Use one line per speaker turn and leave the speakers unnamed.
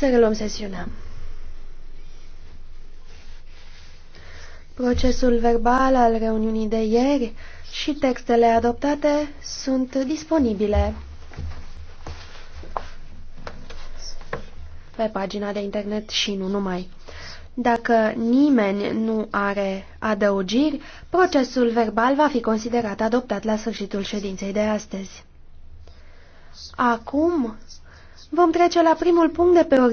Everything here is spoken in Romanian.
Să
reluăm sesiunea. Procesul verbal al reuniunii de ieri și textele adoptate sunt disponibile pe pagina de internet și nu numai. Dacă nimeni nu are adăugiri, procesul verbal va fi considerat adoptat la sfârșitul ședinței de astăzi.
Acum vom trece la primul punct de
pe